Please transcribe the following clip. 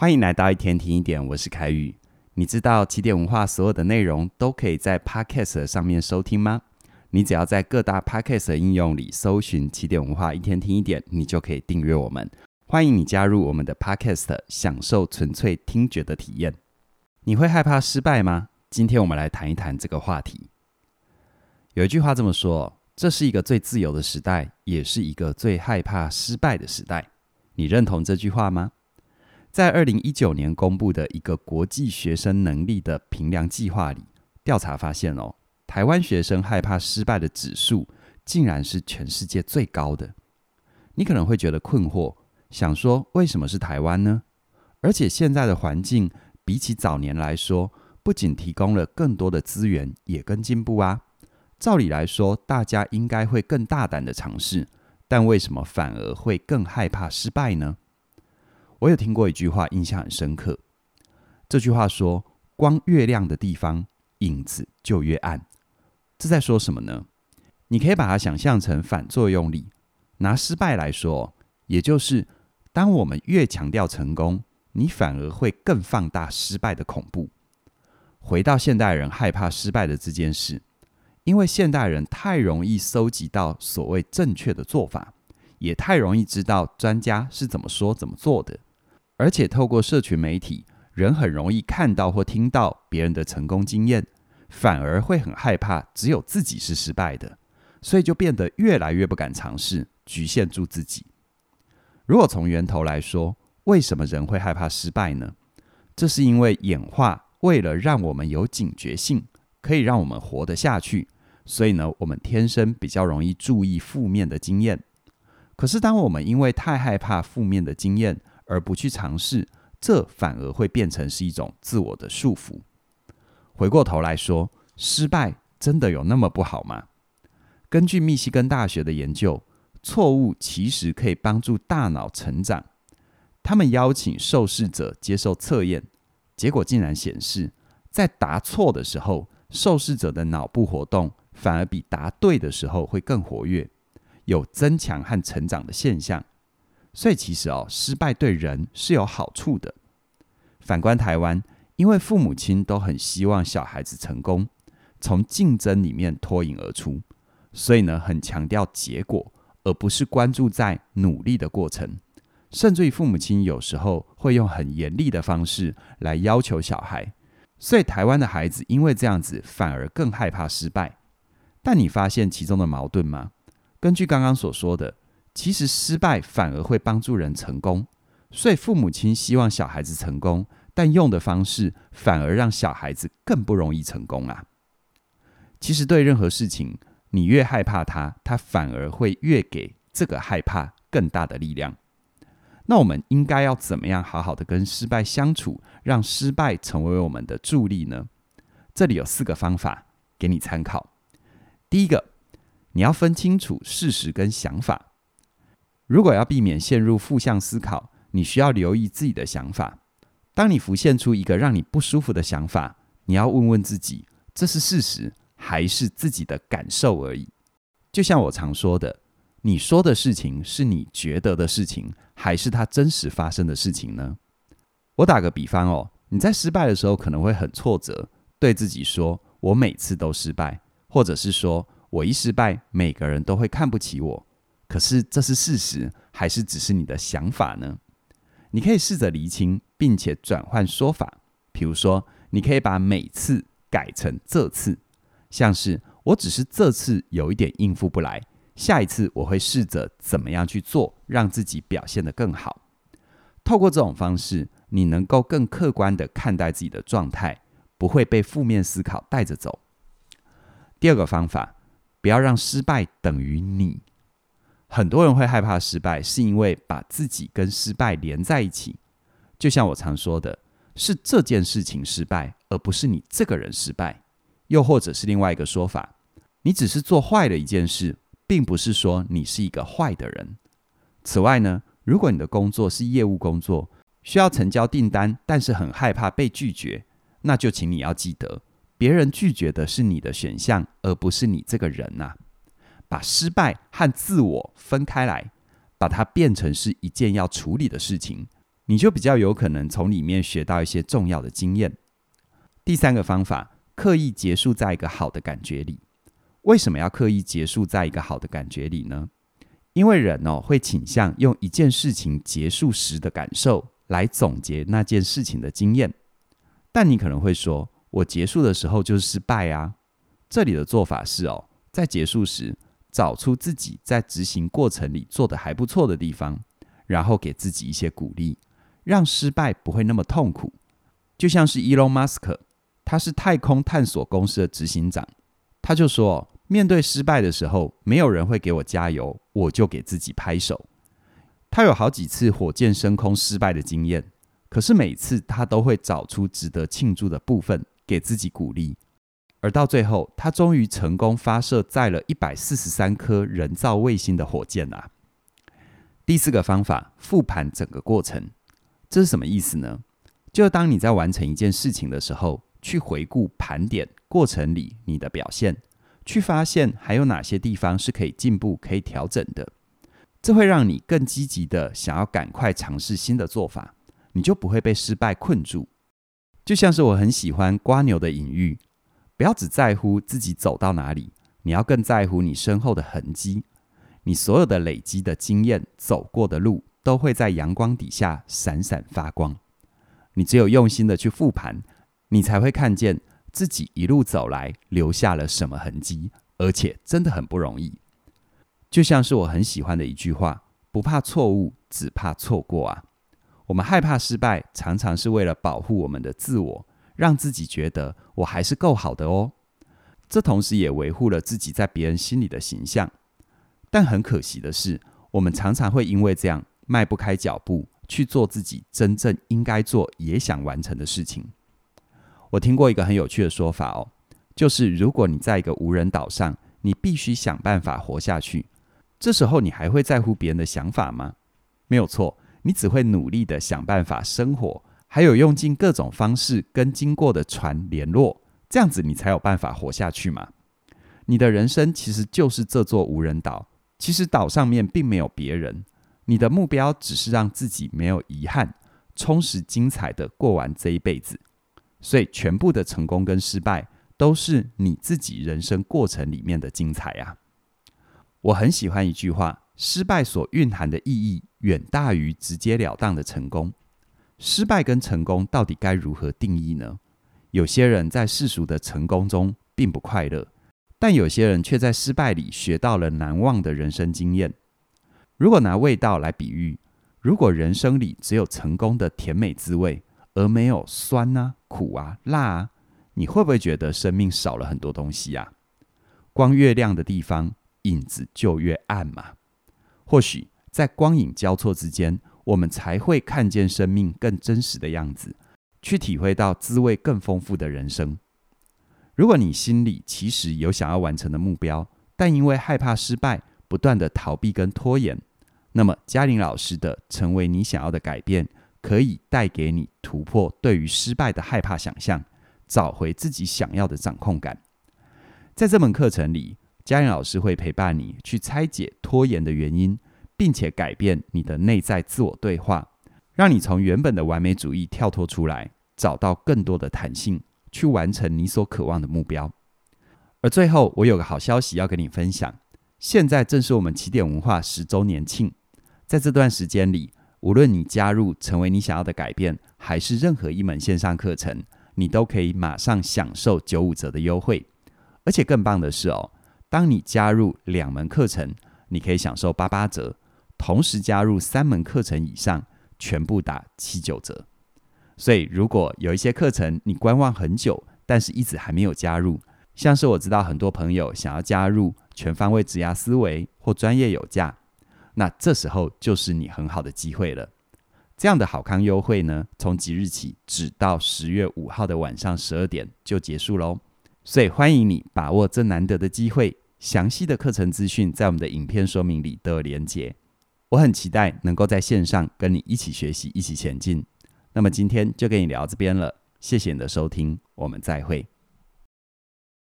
歡迎來到一天聽一點，我是凱宇。你知道啟點文化所有的內容都可以在 Podcast 上面收聽嗎？你只要在各大 Podcast 應用裡搜尋啟點文化一天聽一點，你就可以訂閱我們。歡迎你加入我們的 Podcast，享受純粹聽覺的體驗。你會害怕失敗嗎？今天我們來談一談這個話題。有一句話這麼說：“這是一個最自由的時代，也是一個最害怕失敗的時代。”你認同這句話嗎？在二零一九年公布的一個國際學生能力的評量計劃裡，調查發現哦，台灣學生害怕失敗的指數，竟然是全世界最高的。你可能會覺得困惑，想說為什麼是台灣呢？而且現在的環境比起早年來說，不僅提供了更多的資源，也更進步啊。照理來說，大家應該會更大膽的嘗試，但為什麼反而會更害怕失敗呢？我有聽過一句話，印象很深刻。這句話說：“光越亮的地方，影子就越暗。”這在說什麼呢？你可以把它想象成反作用力。拿失敗來說，也就是當我們越強調成功，你反而會更放大失敗的恐怖。回到現代人害怕失敗的這件事，因為現代人太容易蒐集到所謂正確的做法，也太容易知道專家是怎麼說、怎麼做的。而且透過社群媒體，人很容易看到或聽到別人的成功經驗，反而會很害怕只有自己是失敗的，所以就變得越來越不敢嘗試，侷限住自己。如果從源頭來說，為什麼人會害怕失敗呢？這是因為演化為了讓我們有警覺性，可以讓我們活得下去，所以呢，我們天生比較容易注意負面的經驗。可是當我們因為太害怕負面的經驗，而不去嘗試，這反而會變成是一種自我的束縛。回過頭來說，失敗真的有那麼不好嗎？根據密西根大學的研究，錯誤其實可以幫助大腦成長。他們邀請受試者接受測驗，結果竟然顯示，在答錯的時候，受試者的腦部活動反而比答對的時候會更活躍，有增強和成長的現象。所以其實哦，失敗對人是有好處的。反觀台灣，因為父母親都很希望小孩子成功，從競爭裡面脫穎而出，所以呢，很強調結果，而不是關注在努力的過程。甚至於父母親有時候會用很嚴厲的方式來要求小孩，所以台灣的孩子因為這樣子，反而更害怕失敗。但你發現其中的矛盾嗎？根據剛剛所說的，其實失敗反而會幫助人成功，所以父母親希望小孩子成功，但用的方式反而讓小孩子更不容易成功啊。其實對任何事情，你越害怕它，它反而會越給這個害怕更大的力量。那我們應該要怎麼樣好好的跟失敗相處，讓失敗成為我們的助力呢？這裡有四個方法給你參考。第一個，你要分清楚事實跟想法。如果要避免陷入負向思考，你需要留意自己的想法。當你浮現出一個讓你不舒服的想法，你要問問自己：這是事實，還是自己的感受而已？就像我常說的，你說的事情是你覺得的事情，還是它真實發生的事情呢？我打個比方哦，你在失敗的時候可能會很挫折，對自己說：“我每次都失敗”，或者是說：“我一失敗，每個人都會看不起我。”可是這是事實，還是只是你的想法呢？你可以試着釐清，並且轉換說法。比如說，你可以把每次改成這次，像是“我只是這次有一點應付不來，下一次我會試着怎麼樣去做，讓自己表現得更好。”透過這種方式，你能夠更客觀地看待自己的狀態，不會被負面思考帶着走。第二個方法，不要讓失敗等於你。很多人會害怕失敗，是因為把自己跟失敗連在一起。就像我常說的，是這件事情失敗，而不是你這個人失敗。又或者是另外一個說法，你只是做壞了一件事，並不是說你是一個壞的人。此外呢，如果你的工作是業務工作，需要成交訂單，但是很害怕被拒絕，那就請你要記得，別人拒絕的是你的選項，而不是你這個人啊。把失敗和自我分開來，把它變成是一件要處理的事情，你就比較有可能從裡面學到一些重要的經驗。第三個方法，刻意結束在一個好的感覺裡。為什麼要刻意結束在一個好的感覺裡呢？因為人哦，會傾向用一件事情結束時的感受來總結那件事情的經驗。但你可能會說，我結束的時候就是失敗啊。這裡的做法是哦，在結束時。找出自己在執行過程裡做得還不錯的地方，然後給自己一些鼓勵，讓失敗不會那麼痛苦。就像是 Elon Musk，他是太空探索公司的執行長，他就說，面對失敗的時候，沒有人會給我加油，我就給自己拍手。他有好幾次火箭升空失敗的經驗，可是每次他都會找出值得慶祝的部分，給自己鼓勵。而到最後，他終於成功發射載了一百四十三顆人造衛星的火箭啊！第四個方法，復盤整個過程，這是什麼意思呢？就是當你在完成一件事情的時候，去回顧盤點過程裡你的表現，去發現還有哪些地方是可以進步、可以調整的，這會讓你更積極的想要趕快嘗試新的做法，你就不會被失敗困住。就像是我很喜歡蝸牛的隱喻。不要只在乎自己走到哪裡，你要更在乎你身後的痕跡。你所有的累積的經驗、走過的路，都會在陽光底下閃閃發光。你只有用心的去復盤，你才會看見自己一路走來留下了什麼痕跡，而且真的很不容易。就像是我很喜歡的一句話：“不怕錯誤，只怕錯過啊。”我們害怕失敗，常常是為了保護我們的自我。讓自己覺得我還是夠好的哦，這同時也維護了自己在別人心裡的形象。但很可惜的是，我們常常會因為這樣邁不開腳步去做自己真正應該做也想完成的事情。我聽過一個很有趣的說法哦，就是如果你在一個無人島上，你必須想辦法活下去，這時候你還會在乎別人的想法嗎？沒有錯，你只會努力地想辦法生活。還有用盡各種方式跟經過的船聯絡，這樣子你才有辦法活下去嘛。你的人生其實就是這座無人島，其實島上面並沒有別人。你的目標只是讓自己沒有遺憾，充實精彩的過完這一輩子。所以，全部的成功跟失敗，都是你自己人生過程裡面的精彩呀、啊。我很喜歡一句話：失敗所蘊含的意義，遠大於直截了當的成功。失敗跟成功到底該如何定義呢？有些人在世俗的成功中並不快樂，但有些人卻在失敗裡學到了難忘的人生經驗。如果拿味道來比喻，如果人生裡只有成功的甜美滋味，而沒有酸啊、苦啊、辣啊，你會不會覺得生命少了很多東西呀？光越亮的地方，影子就越暗嘛。或許在光影交錯之間，我們才會看見生命更真實的樣子，去體會到滋味更豐富的人生。如果你心裡其實有想要完成的目標，但因為害怕失敗，不斷地逃避跟拖延，那麼嘉玲老師的成為你想要的改變，可以帶給你突破對於失敗的害怕想象，找回自己想要的掌控感。在這門課程裡，嘉玲老師會陪伴你去拆解拖延的原因。並且改變你的內在自我對話，讓你從原本的完美主義跳脫出來，找到更多的彈性，去完成你所渴望的目標。而最後，我有個好消息要跟你分享：現在正是我們啟點文化十周年慶，在這段時間裡，無論你加入成為你想要的改變，還是任何一門線上課程，你都可以馬上享受九五折的優惠。而且更棒的是哦，當你加入兩門課程，你可以享受八八折。同時加入三門課程以上，全部打七九折。所以，如果有一些課程你觀望很久，但是一直還沒有加入，像是我知道很多朋友想要加入全方位職涯思維或專業有價，那這時候就是你很好的機會了。這樣的好康優惠呢，從即日起只到十月五號的晚上十二點就結束嘍。所以，歡迎你把握這難得的機會。詳細的課程資訊在我們的影片說明裡都有連結。我很期待能夠在線上跟你一起學習，一起前進。那麼今天就跟你聊這邊了，謝謝你的收聽，我們再會。